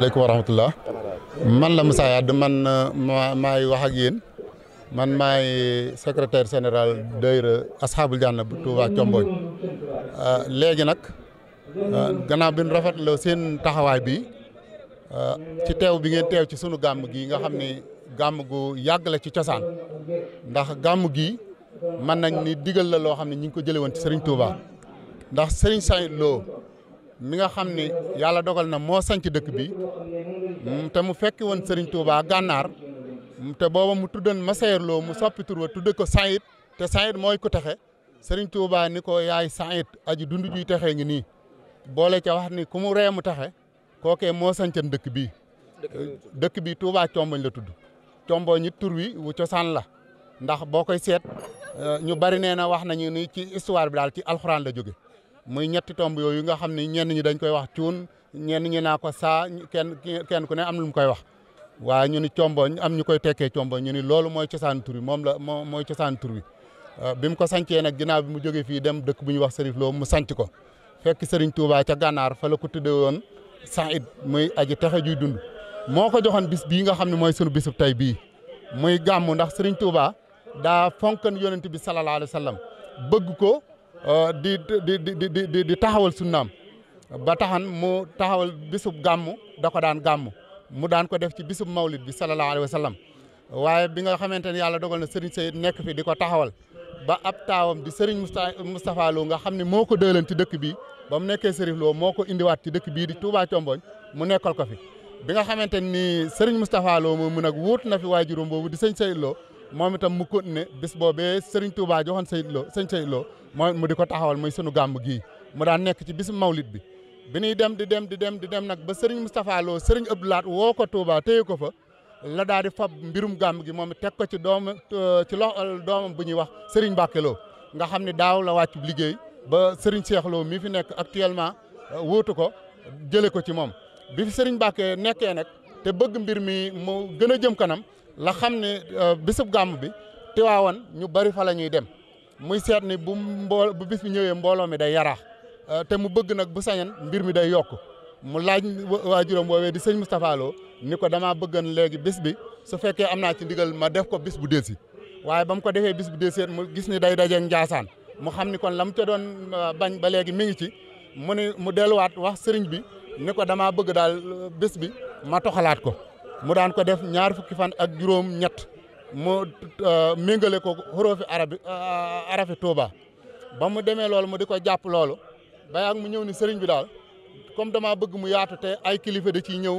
aleykum wa rahmatullah man la Moussa Yade man euh, maa maay wax ak yéen man maay secretaire général daayira Asxaabul Janna bu Touba Combooñ euh, léegi nag euh, gannaaw bi ñu rafetloo seen taxawaay bi ci teew bi ngeen teew ci sunu gàmm gi nga xam ni gàmm gu yàgg la ci cosaan ndax gàmm gi man nañ ni digal la loo xam ne ñu ngi ko jëlee woon ci Serigne Touba ndax Serigne Saint loo mi nga xam ne yàlla dogal na moo sanc dëkk bi mm, te mu fekki woon Serigne Touba gànnaar mm, te booba mu tuddoon Massaër Lo mu soppi tur wa tudde ko Saïd te Saïd mooy ko texe sëriñ Touba ni ko yaay Saïd aji dund yi texee ngi nii boole ca wax ni ku mu ree mu texe kookee moo sancan dëkk bi dëkk bi Touba Comboñ la tudd Comboñ it tur wi wu cosaan la ndax boo koy seet euh, ñu bari nee na wax nañu ni ci histoire bi daal ci alxuraan la jóge muy ñetti tomb yooyu nga xam ne ñenn ñi dañ koy wax cuun ñenn ñi naa ko saa kenn kenn ku ne am lu mu koy wax waaw ñu combo comboñ am ñu koy tekkee combo ñu ni loolu mooy cosaan tur bi moom la moo mooy cosaan tur euh, bi bi ko sancee nag ginnaaw bi mu jógee fii dem dëkk bu ñuy wax Serif Lo mu sanc ko fekk Serigne Touba ca gànnaar fa la ko tuddee woon it muy aji texe juy dund moo ko joxoon bis bi nga xam ne mooy sunu bisub tey bii muy gàmmu ndax Serigne Touba daa fonkan yonent bi sallallahu alayhi wa bëgg ko Euh, di di di di di taxawal sunnaam ba taxan mu taxawal bisub gàmmu da ko daan gàmmu mu daan ko def ci bisub mawlid bi sallallahu alayhi wa sallam waaye bi nga xamante ne yàlla dogal na Serigne Seye nekk fi di ko taxawal ba ab taawam di Serigne Moustapha Lo nga xam ni moo ko dëleen ci dëkk bi ba mu nekkee Serigne Lo moo ko indiwaat ci dëkk bii di Touba Thiombogne mu nekkal ko fi bi nga xamante ni Serigne Moustapha Lo moom mu nag wóot na fi waajuram boobu di sëñ Seye Lo moom itam mu continué bis boobee Serigne Touba joxoon Seydou Lo sëñ Seydou Lo mooy mu di ko taxawal muy sunu gàmm gii mu daan nekk ci bisu mawlit bi bi dem di dem di dem di dem nag ba Serigne Moustapha Lo Serigne Abdou woo ko Touba téye ko fa la daal fab mbirum gàmm gi moom teg ko ci doom ci loxo doomam bu ñuy wax Serigne Mbacké Lo nga xam ni daaw la wàccu liggéey ba Serigne Cheikh Lo mi fi nekk actuellement euh, wóotu ko jëlee ko ci moom bi fi bake Mbacké nekkee nag te bëgg mbir mi mu gën a jëm kanam la xam ne euh, bisub gàmm bi Tiwaawan ñu bari fa la ñuy dem muy seet ni bu mbool bu bis ñëwee mbooloo mi day yaraax euh, te mu bëgg nag bu sañan mbir mi day yokk mu laaj waajuram woowee di sëñ Moustapha Lo ni ko damaa bëgg léegi bis bi su fekkee am naa ci ndigal ma def ko bis bu delsi waaye ba mu ko defee bis bu delsi mu gis ni day daje Njaasaan mu xam ni kon la mu ca doon euh, bañ ba léegi mi ngi ci mu ni mu delluwaat wax sëriñ bi ni ko damaa bëgg daal bis bi ma toxalaat ko mu daan ko def ñaar fukki fan ak juróom-ñett mu euh, méngale ko xorofi arabi euh, arafi Touba ba mu demee loolu mu di ko jàpp loolu mu ñëw ni sëriñ bi daal comme dama bëgg mu yaatu te ay kilifa da ci ñëw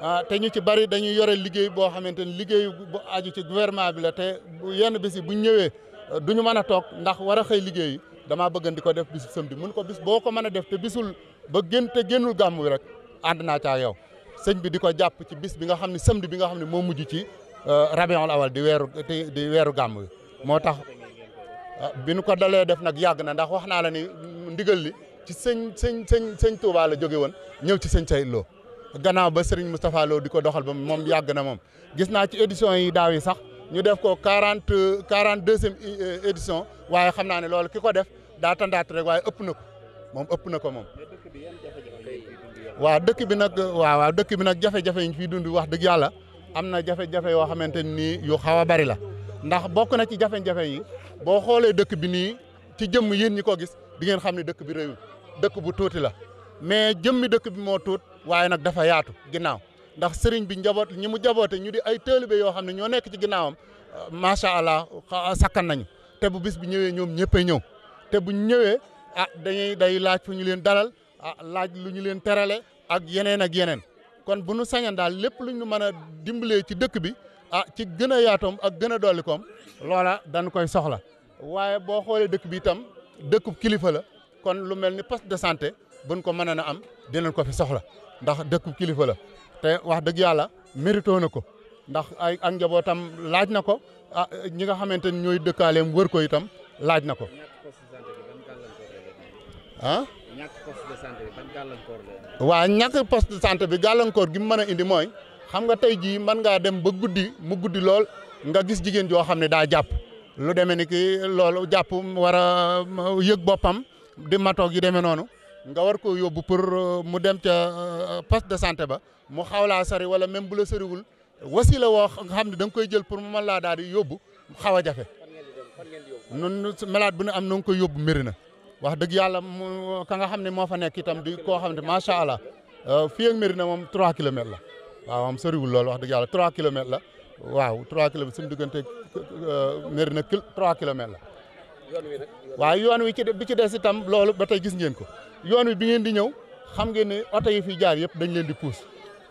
ah, te ñu ci bari dañuy yore liggéey boo xamante ni liggéey bu aju ci gouvernement bi la te yenn bis yi bu ñëwee euh, du ñu mën a toog ndax war a xëy liggéey damaa bëggan di ko def bisu samedi mun ko bis boo ko mën a def te bisul ba gën te génnul gàmm rek ànd naa caa yow. sëñ bi di ko jàpp ci bis bi nga xam ne samedi bi nga xam ne moo mujj ci euh, rabiul awal di weeru di weeru gàmm moo tax euh, bi nu ko dalee def nag yàgg na ndax wax naa la ni ndigal li ci sëñ sëñ sëñ sëñ Touba la jóge woon ñëw ci sëñ Sayid Lo gannaaw ba sëriñ Moustapha Lo di ko doxal ba moom yàgg na moom gis naa ci édition yi daaw yi sax ñu def ko quarante quarante deuxième euh, édition waaye xam naa ne loolu ki ko def daa tandaat rek waaye ëpp na ko moom ëpp na ko moom waaw dëkk bi nag waaw dëkk bi nag jafe-jafe yi fi fiy wax dëgg yàlla am na jafe-jafe yoo xamante ni yu xaw a bari la ndax bokk na ci jafe-jafe yi boo xoolee dëkk bi nii ci jëm yéen ñi ko gis di ngeen xam ne dëkk bi réyul dëkk bu tuuti la mais jëmmi dëkk bi moo tuut waaye nag dafa yaatu ginnaaw ndax sëriñ bi njaboot ñi mu jaboote ñu di ay taalibe yoo xam ne ñoo nekk ci ginnaawam macha allah sakkan nañu te bu bis bi ñëwee ñoom ñëppay ñëw te bu ñëwee ah dañuy day laaj fu ñu leen dalal ah laaj lu ñu leen terale ak yeneen ak yeneen kon bu nu sañan daal lépp lu ñu mën a dimbalee ci dëkk bi ah ci gën yaatoom ak gën a dolli koom loola dañ koy soxla waaye boo xoolee dëkk bi itam dëkkub kilifa la kon lu mel ni poste de santé buñ ko mën a na am dinañ ko fi soxla ndax dëkkub kilifa la te wax dëgg yàlla mérito na ko ndax ay ak njabootam laaj na ko ah ñi nga xamante ni ñooy dëkkaaleem wër ko itam laaj na ko ah ñàkk poste de santé bi ban gàllankoor la. de santé bi gàllankoor gi mu mën a indi mooy xam nga tey ji man ngaa dem ba guddi mu guddi lool nga gis jigéen joo xam ne daa jàpp lu demee ni ki loolu jàpp war a euh, yëg boppam di matoog yi demee noonu nga war ko yóbbu pour euh, mu dem ca euh, poste de sante ba mu xawlaa sori wala même bu la soriwul wasi la woo xam ne da koy jël pour mu man laa daal di yóbbu xaw ja jafe. nun malade bu am na nga yóbbu mbir wax dëgg yàlla mu ka nga xam ne moo fa nekk itam di koo xam ne macha allah euh, fii ak moom 3 kilomètres la waaw moom soriwul lool wax dëgg yàlla 3 kilomètres la waaw 3 kilomètres suñu diggante euh, Médina 3 kilomètres la. waaw yoon wi ci bi ci des itam loolu ba te gis ngeen ko yoon wi bi ngeen di ñëw xam ngeen ne oto yi fi jaar yëpp dañ leen di puus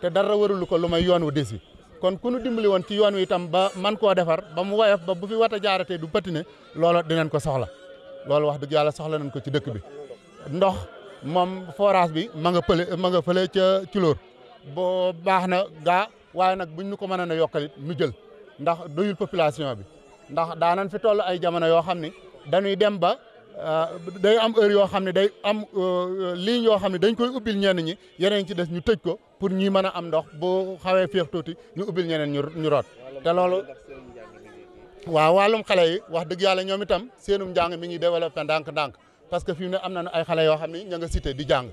te dara warulu ko lu may yoon wu des yi kon ku nu dimbali woon ci yoon wi itam ba man koo defar ba mu woyof ba bu fi wata jaaratee du patine loola dinañ ko soxla. loolu wax dëgg yàlla soxla nañ ko ci dëkk bi ndox moom forage bi ma nga pële ma nga fële ci lóor boo baax na gaa waaye nag buñ ñu ko mën a na yokkalit ñu jël ndax doyul population bi ndax daanan fi toll ay jamono yoo xam ni dañuy dem ba euh, day am heure yoo xam ne day am euh, euh, ligne yoo xam ne dañ koy ubbil ñenn ñi yeneen ci des ñu tëj ko pour ñi mën a am ndox boo xawee féex tuuti ñu ubbil ñeneen ñu root te loolu waaw wàllum xale yi wax dëgg yàlla ñoom itam seenum njàng mi ngi développé ndànk-ndànk parce que fi ne am na ay xale yoo xam ne ña nga cité di jàng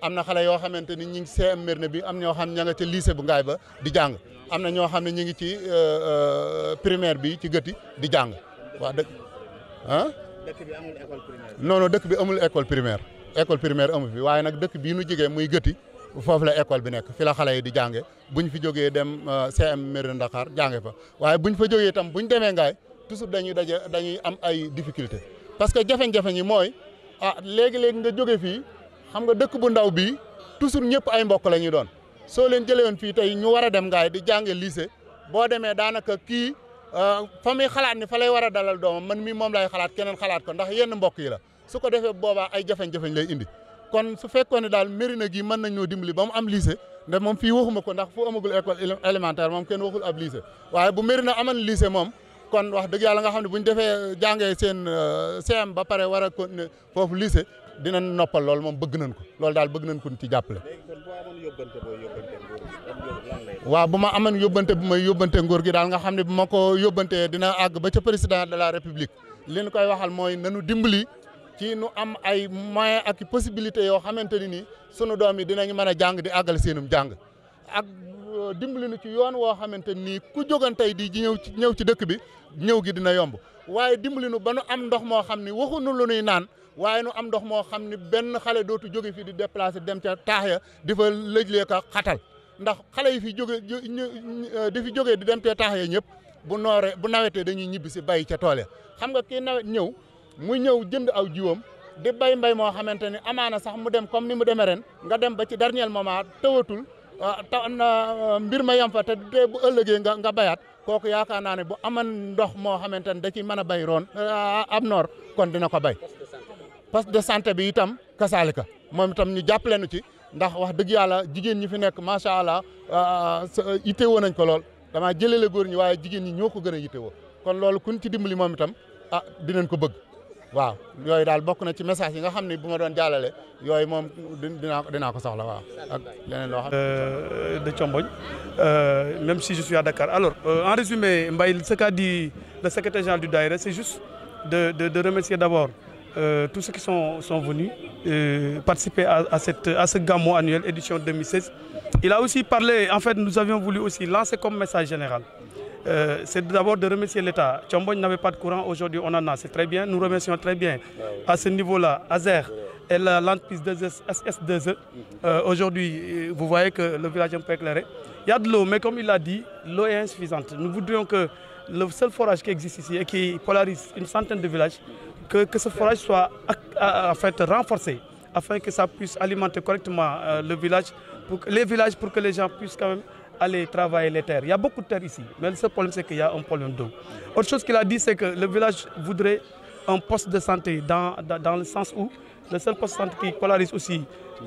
am na xale yoo xamante ni ñi ngi CM Mérina bi am ñoo xam ña nga ca lycée bu ngaay ba di jàng am na ñoo xam ne ñu ngi ci euh, euh, primaire bi ci gëti di jàng wax dëgg ah dëkk bi amul école primaire dëkk bi amul école primaire école primaire amu fi waaye nag dëkk bii nu jigee muy gëti foofu la école bi nekk fi la xale yi di jànge buñ fi jógee dem euh, CM Mérina Dakhar jànge fa waaye buñ fa jógee itam buñ demee ngaay toujours dañuy daje dañuy am ay difficulté parce que jafe-jafe ñi mooy a ah, léegi-léegi nga jóge fii xam nga dëkk bu ndaw bi toujours ñëpp ay mbok la ñuy doon soo leen jëlee yoon fii tey ñu war a dem ngaay di jànge lycée boo demee daanaka kii euh, fa muy xalaat ni fa lay war a dalal doomam man mii moom lay xalaat keneen xalaat ko ndax yenn mbokk yi la su ko indi kon su fekkoon ne daal Médina gi mën nañoo dimbali ba mu am lycée ndax moom fii waxuma ko ndax fu amagul école élémentaire moom kenn waxul ab lycée waaye bu Médina aman lycée moom kon wax dëgg yàlla nga xam ne bu ñu defee jàngee seen euh, CM ba pare war a continuer foofu lycée dinañ noppal loolu moom bëgg nañ ko loolu daal bëgg nañ ko ci jàppale. waaw bu ma amoon yóbbante bu ma yóbbante nguur gi daal nga xam ne bu ma ko yóbbantee dina àgg ba ca président de la république lin koy waxal mooy nanu dimbali ci nu am ay moyens ak possibilité yoo xamante ni nii sunu doom yi dinañ mën a jàng di àggal seenum jàng ak euh, dimbali nu ci yoon woo xamante nii ku jógantey di ñëw ci ñëw ci dëkk bi ñëw gi dina yomb waaye dimbali nu ba nu am ndox moo xam ni waxuñu lu nuy naan waaye nu am ndox moo xam ni benn xale dootu jóge fii di déplacer dem ca taax ya di fa lëjlee ka xatal ndax xale yi fi jóge di fi jógee di dem ca taax ya ñëpp bu nooree bu nawetee dañuy ñibbi si bay ca tool ya xam nga kii nawet ñëw mu ñëw jënd aw jiwoom di bay mbay moo xamante ni amaana sax mu dem comme ni mu demee ren nga dem ba ci dernier moment tawatul ah, ta ah, mbir ma yam fa te te bu ëllëgee nga nga bayaat kooku yaakaar naa ne bu aman ndox moo xamante ni da ci mën a bay roon ah, ab noor kon dina ko bay poste de santé bi itam kasaalika moom itam ñu jàppaleenu ci ndax wax dëgg yàlla jigéen ñi fi nekk macha allah yitte woo nañ ko lool damaa jëlee góor ñi waaye jigéen ñi ñoo ko gën a yitte wo kon loolu kun ci dimbali moom itam ah dinañ ko bëgg waaw yooyu daal bokk na ci message yi nga xam ne bu ma doon jàllale yooyu moom dinaa ko ko soxla waa ak loo xam euh, de Thiombogne euh, même si je suis à Dakar alors euh, en résumé mbay ce qu'a dit le secrétaire général du Daïra c'est juste de de de remercier d'abord euh, tous ceux qui sont sont venus euh, participer à à cette à ce Gamou annuel édition 2016 il a aussi parlé en fait nous avions voulu aussi lancer comme message général Euh, c'est d'abord de remercier l'État. Tchombogne n'avait pas de courant, aujourd'hui on en a, c'est très bien. Nous remercions très bien ah à ce niveau-là, Azer et l'entreprise SS2E. E. Mhm. Euh, aujourd'hui, vous voyez que le village est un peu éclairé. Il y a de l'eau, mais comme il l'a dit, l'eau est insuffisante. Nous voudrions que le seul forage qui existe ici et qui polarise une centaine de villages, que, que ce forage soit en fait renforcé afin que ça puisse alimenter correctement euh, le village, pour les villages pour que les gens aller travailler les terres. Il y a beaucoup de terres ici, mais le seul problème, c'est qu'il y a un problème d'eau. Autre chose qu'il a dit, c'est que le village voudrait un poste de santé dans, le sens où le seul poste de santé qui polarise aussi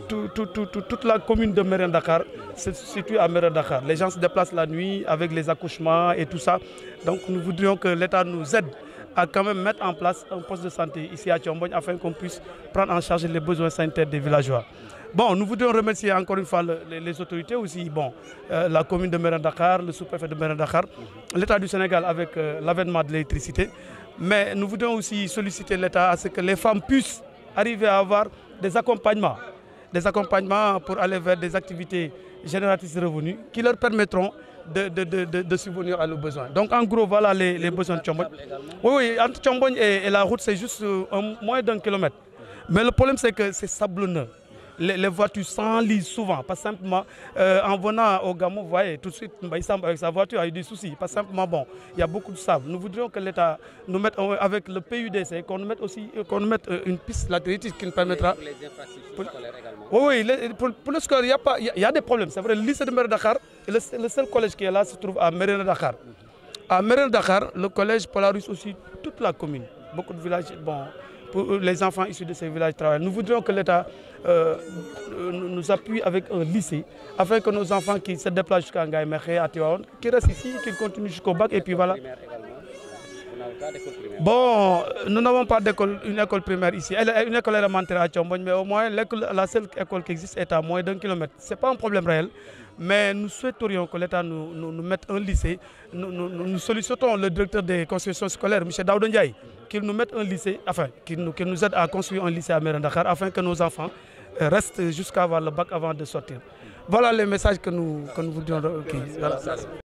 tout, tout, toute la commune de Mérien Dakar se situe à Mérien Dakar. Les gens se déplacent la nuit avec les accouchements et tout ça. Donc nous voudrions que l'État nous aide à quand même mettre en place un poste de santé ici à Tchombogne afin qu'on puisse prendre en charge les besoins sanitaires des villageois. Bon, nous voudrions remercier encore une fois les, autorités aussi, bon, euh, la commune de Mérendakar, le sous-préfet de Mérendakar, l'État du Sénégal avec euh, l'avènement de l'électricité. Mais nous voudrions aussi solliciter l'État à puissent arriver à avoir des accompagnements pour aller vers des activités génératrices de revenus qui de, de, de, de, subvenir à leurs besoins. Donc en gros, voilà les, les besoins de Tchombogne. Oui, oui, entre Tchombogne et, et la route, c'est juste euh, moins d'un kilomètre. Mais le problème, c'est que c'est sablonneux. les, les voitures s'enlisent souvent. Pas simplement, euh, en venant au Gamou, vous voyez, tout de suite, Mbaïsam avec sa voiture a eu des soucis. simplement, bon, y a beaucoup de sable. Nous voudrions que l'État nous mette, avec le PUDC, qu'on nous mette aussi euh, qu'on euh, une piste latérite qui nous permettra. Pour les infrastructures pour... scolaires également. Oui, oui pour, pour, le scolaire, y, a pas, il des problèmes. C'est vrai, le lycée de Mère Dakar, collège qui est là à Mérina Dakar. Dakar, le collège Polarus aussi, toute la commune, beaucoup de villages. Bon, pour les enfants issus de ces villages travaillent. Nous voudrions que l'État euh, nous appuie avec un lycée afin que nos enfants qui se déplacent jusqu'à Ngaïmekhé, à Tiwaon, qui restent ici, qui continuent jusqu'au bac et puis voilà. Bon, nous n'avons pas d'école, une école primaire ici. Elle est une école élémentaire à Tchombogne, mais au moins la seule école qui existe est à d'un kilomètre. Ce pas un problème réel, mais nous souhaiterions le directeur des constructions scolaires, M. Daoud Ndiaye, qu'il nous mette un lycée, enfin, qu'il nous, qu nous aide à construire un lycée à Mérendakar afin que nos enfants restent jusqu'à le bac avant de sortir. Voilà les messages que nous, que